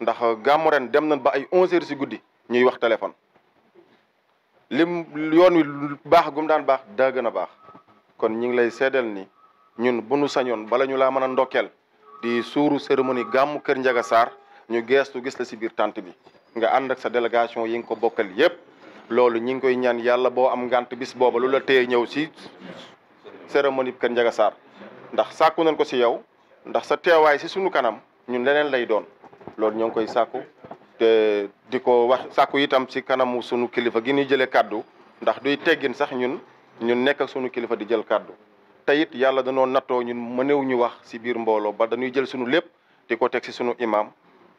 ndax gàmmu ren dem nañ ba ay onze heures si guddi ñuy wax téléphone lim yoon wi baax gum daan kon ñu ngi lay seedeel ni ñun bu bala ñu laa di suru cérémonie gamu kër Njaga nyu ñu geestu gis la si biir tante bi nga andak ak sa délégation yi nga ko bokkal yépp loolu ñi ngi koy ñaan amgan boo am ngant bis booba lu la téye ñëw si cérémonie Kër Ndiaga Sarr ndax sàkku nañ ko si yow ndax sa teewaay si sunu kanam ñun leneen lay doon loolu ñoo ngi koy sàkku te di ko wax itam si kanamu sunu kilifa gi ñuy jëlee kàddu ndax duy teggin sax ñun ñun nekk ak sunu kilifa di jël ta te it yàlla danoo nattoo ñun mënew ñu wax si biir mbooloo ba dañuy jël sunu lep, di tek si sunu imam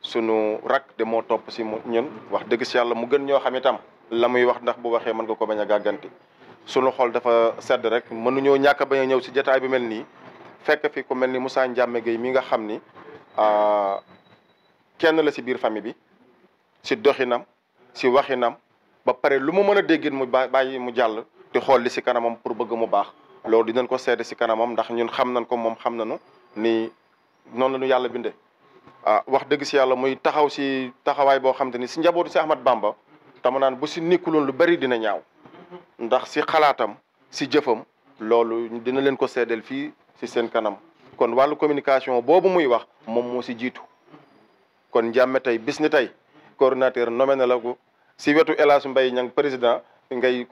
sunu rak de moo topp si ñun wax dëgg si yàlla mu gën ñoo xam itam la muy wax ndax bu waxee gaganti. nga ko bañ a gàgganti sunu xol dafa sedd rek musanjam ñàkk a bañ a ñëw si jotaay bi mel fekk fi ku mel Moussa Ndiame Gueye mi nga xam ni ah, kenn la si biir famille bi doxinam waxinam ba pare lu mu mën a mu bàyyi mu jàll di xool li si kanamam pour bëgg mu baax loolu dinañ ko seede si kanamam ndax ñun xam nañ ko mom xam nañu ni noonu ah wax dëgg si yàlla muy taxaw si njabootu Ahmad Bamba Tamanan busi bu si nekkuloon lu bari dina ñaaw ndax si xalaatam si jëfam loolu dina leen ko seddeel si seen kanam kon walu communication boobu muy wax jitu si kon njàmme tay bis ni tey coordinateur nommé na la ko si wetu El Hadj Mbaye président ngay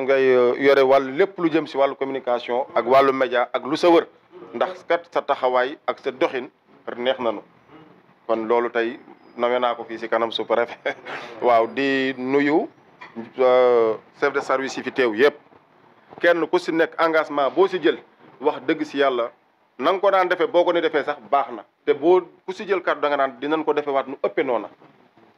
ngay euh, yore wàllu lépp lu jëm si walu communication ak wàllu média ak lu sa wër ndax kat sa ak sa neex kon loolu tay nommé naa ko fii si kanam super préfet waaw di nuyu eh, chef de service yi fi teew yëpp kenn ku si nekk engagement bo si jël wax dëgg si yalla nang nga ko daan defee boo ko ni defee sax baax na te ku si jël kàddu da nga dinañ ko nu ëppee noona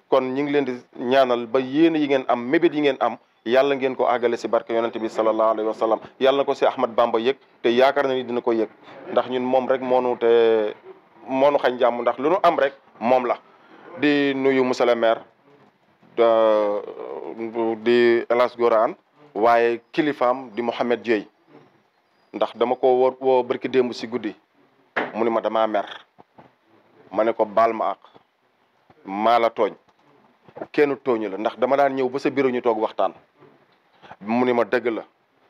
kon ñu ngi leen di ñaanal ba yéen yi ngeen am mébét yi ngeen am yalla ngeen ko àggale si barke yonente bi sallallahu alayhi wa sallam ko si Ahmad Bamba yek. te yaakaar na ni dina ko yek ndax ñun moom rek te monu xañ jàmm ndax lu nu am rek la di nuyu monsieur le di Elas Goraan waaye kilifaam di Muhammad Dieye ndax dama ko woo woo barki démb si guddi mu ni mer ma ne ak maa la tooñ kenn tooñu la ndax dama daan ñëw ba sa bureau ñu toog waxtaan mu ni la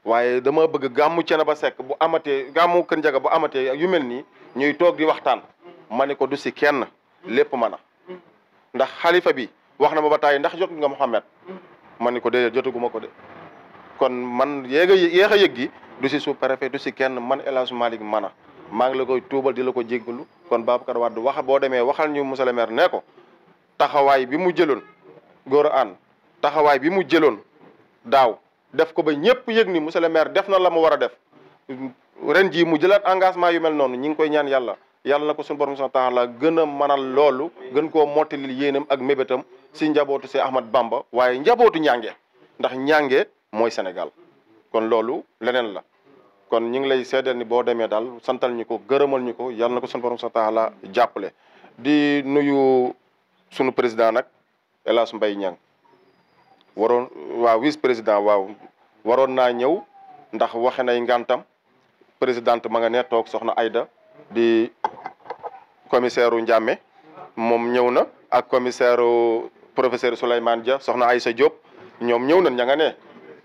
waaye dama bëgg gàmmu Thiénaba Seck bu amatee gamu Kër Njaga bu amatee yu mel ñuy di waxtaan ma du si kenn ndax xalifa bi wax na ma ba tàyyi ndax jot nga Mouhamed man ni ko déedéet jotaguma ko de kon man yéeg a a yëg du si sous-préfet si kenn man El Hadj Malick mana maa ngi la koy tuubal di la ko jéggalu kon Babacar Wade wax boo demee waxal ñu monsieur le maire ne taxawaay bi mu jëloon góor an taxawaay bi mu jëloon daaw def ko ba ñëpp yëg ni monsieur le maire def na la mu war a def ren jii mu jëlaat engagement yu mel noonu ñi ngi koy ñaan yàlla yàlla na ko satahala borom subhaanahu wa taala gën manal loolu gën koo mottalil yéenam ak mébétam si njabootu si Ahmad Bamba waaye njabootu ñànge ndax ñànge moy Senegal, kon loolu leneen la kon ñu ngi lay seedeel ni boo demee santal ñu ko gërëmal ñu ko yàlla satahala ko borom wa taala di nuyu sunu président nag El Hadj Mbaye wawis waroon waaw vice président waaw waroon naa ñëw ndax waxe nay ngàntam présidente ma nga soxna Aida di commissaire u Ndiame moom ñëw na ak commissaire professeur Souleymane Dia soxna ay sa Diop ñoom ñëw nañ ña nga ne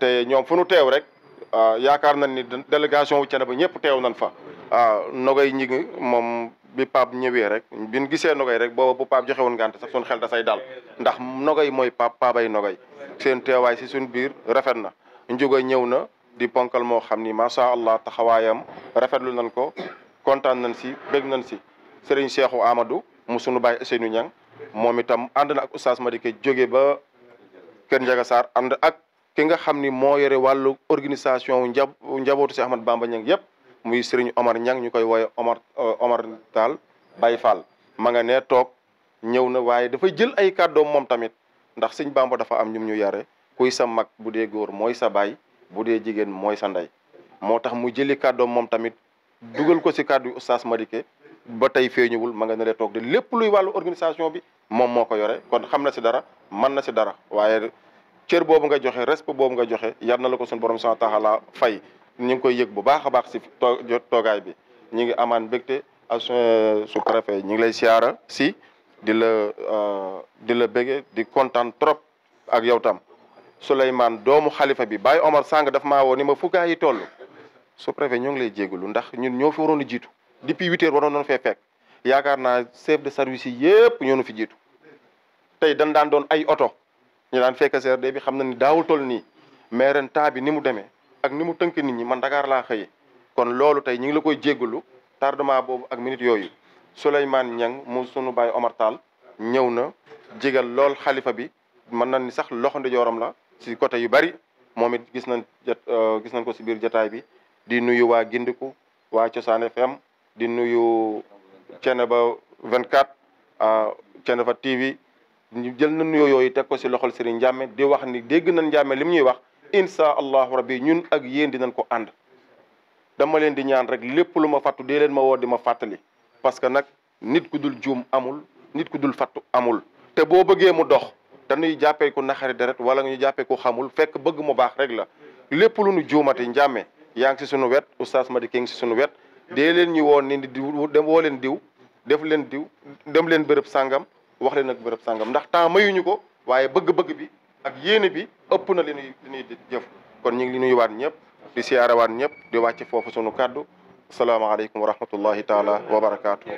te ñoom fu nu teew rek ah, yaakaar nañ ni délégation wu Thiénaba ñëpp teew nañ fa waaw ah, nogay ñi moom bi Pape ñëwee rek mbin gisee nogay rek bo bu Pape joxe woon ngànt sax suñ xel da say daal ndax nogay mooy Pape Paabay nogay seen teewaay si suñ biir rafet na njuga ñëw na di ponkal moo xam ni macha allah taxawaayam rafetlu nañ ko Kontan nañ si bég nañ si Serigne Cheikhou Amadou mu sunu baay Ousseynou Niang moom itam ànd na ak oustaz ba Kër Ndiaga ak ki nga xam ni moo yore organisation si Ahmad Bamba nyang yëpp muy Serigne Omar Niang ñu koy amar Omar euh, Omar Tall Baye Fall ma nga ne toog ñëw na waaye dafay jël ay tamit ndax Bamba dafa am ñum ñu yare kuy sa mag bu dee góor mooy sa baay bu dee jigéen sa mu jëli tamit dugal ko si kàddu oustaz Madické ba tey feeñuwul ma nga ne lee toog de lépp luy wàllu organisation bi moom moo ko yore kon xam na dara man na si dara waaye cër boobu nga joxe respect boobu nga joxe yar na la ko suñu borom subhanahu taala fay ñu ngi koy yëg bu baax a baax si toogaay bi ñu ngi amaan mbégte su préfet ñu lay si di la euh, di la di kontaan trop ak yow tam Souleymane doomu xalifa bi Baye Omar Sang daf ma woo ni ma fu yi su préfet ñoo ngi lay jégalu ndax ñun ñoo fi waroon a jiitu depuis huit heures waroon nañu fee fekk yaakaar naa chef de service yi yëpp ñoo nu fi jiitu tey dañ daan doon ay oto ñu daan fekk CRD bi xam na ni daawul toll nii mais ren bi ni mu demee ak ni mu tënk nit ñi man Dakar laa xëyee kon loolu tey ñu ngi la koy jégalu tardement boobu ak minute yooyu Souleymane Niang mu sunu baay Omar Tall ñëw na jégal lool xalifa bi mën na ni sax loxo ndijooram la si côté yu bari moom it gis nañ jot euh, gis nañ ko ci biir jotaay bi di nuyu waa Gindiku waa Cosaan FM di nuyu Thiénaba 24 ah, Thiénaba TV ñu jël na nuyoo yooyu teg ko si loxol Serigne Ndiame di wax ni dégg nañ li mu ñuy wax incha allahu rabbi ñun ak yéen dinañ ko ànd dama leen di ñaan rek lépp lu ma fàttu dee leen ma woo di ma fàttali parce que nag nit ku dul juum amul nit ku dul fàttu amul te boo bëggee mu dox te nuy ku naxari deret wala ñu jàppee xamul fekk bëgg ma baax rek la lépp lu nu juumati Ndiame Yang ngi si sunu wet oustaz Madické king si sunu wet dee leen ñu woon ni di diw dem woo len diw def leen diw dem leen bërëb sàngam wax leen ak bërëb sàngam ndax temps mayuñu ko waaye bëgg-bëgg bi ak yéene bi ëpp na li nuy li kon ngi waat di siyaarawaat ñëpp di wàcc foofu sunu kàddu asalaamaaleykum wa rahmatullahi taala wa barakaatu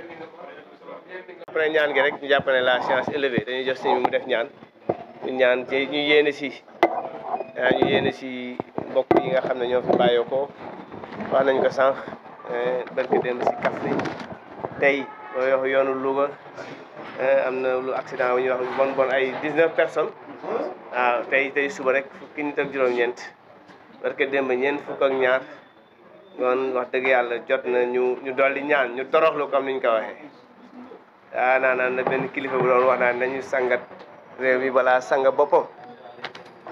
après ñaan gi rek ñu jàpp la science élevée dañuy jox sëñ mu def ñaan ñaan ñu ñu bokk yi nga xam ne ñoo fi bàyyoo ko wax nañ ko sànq barki eh, dem si Kaffrine tey booy wax yoonu Louga eh, am na lu accident bu ñuy wax bon bon ay 19 personnes waaw tey tey suba rek fukki nit ak juróom-ñeent barki démb ñeent fukk ak ñaar kon wax dëgg yàlla jot na ñu ñu dolli ñaan ñu toroxlu comme niñ ko waxee ah, naa naan naan benn kilifa bu doon wax naan nañu sangat réew mi balaa sanga boppam.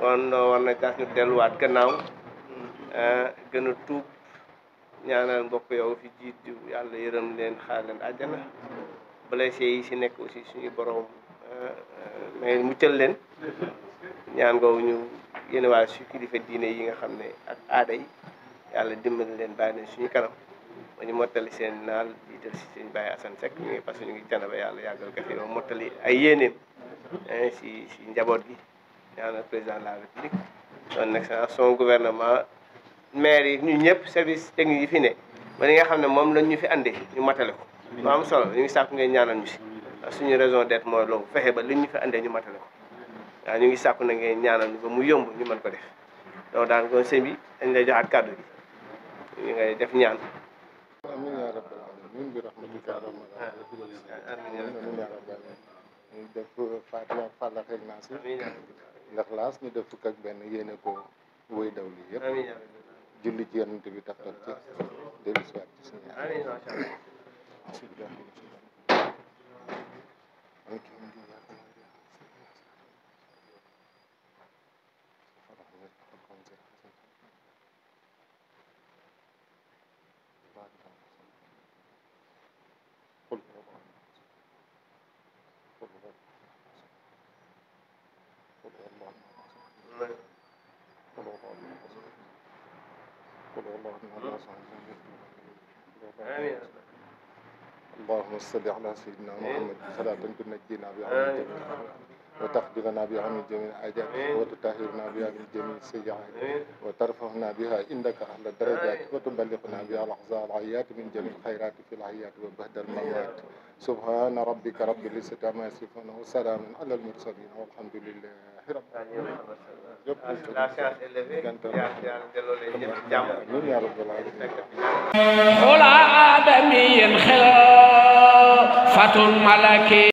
kon war na taas ñu delluwaat gannaaw eh, gën a tuub ñaanal mbokk yow fi jiitu yàlla yërëm leen xaar leen àjjana blessé yi si nekk aussi suñu borom eh, eh, mais muccal leen ñaan googu ñu yéen waa su kilifa diine yi nga xam ne ak aada yi yàlla dimbali leen bàyyi leen suñu kanam ba ñu mottali seen naal di si seen bàyyi Assane Seck ñu ngi parce que ñu ngi canaba yàlla yàggal ko fi moom mottali ay yeneen si si njaboot gi. ñaanal président de la république son excellence son gouvernement maire yi ñu ñëpp service technique yi fi ne ba li nga xam ne moom lañ ñu fi andi ñu matale ko mu solo ñu ngi sàkku ngeen ñaanal ñu si ndax suñu raison d'être mooy fexe ba li ñu fi andee ñu matale ko waaw ñu ngi sàkku na ngeen ñaanal ñu ba mu yomb ñu man ko def donc daan kon sëñ bi dañ lay joxaat kàddu gi ñu ngay def ñaan amin yaa rabbal alamin bi rahmatika ndax laas ñu def fukk ak ben yene ko way daw lii yëpp julli ci yonent bi tax tax ci dellu si waat ci suñu amiin salli ala sayyidina Muhammad salaatan ku najjina bi وتقبلنا بها من جميع أجل وتطهرنا بها من جميع السيئات وترفعنا بها عندك أهل الدرجات وتبلغنا بها الأحزاب العيات من جميع الخيرات في الحياة وبهد الموات سبحان ربك رب العزة عما يصفون وسلام على المرسلين والحمد لله رب العالمين ملكي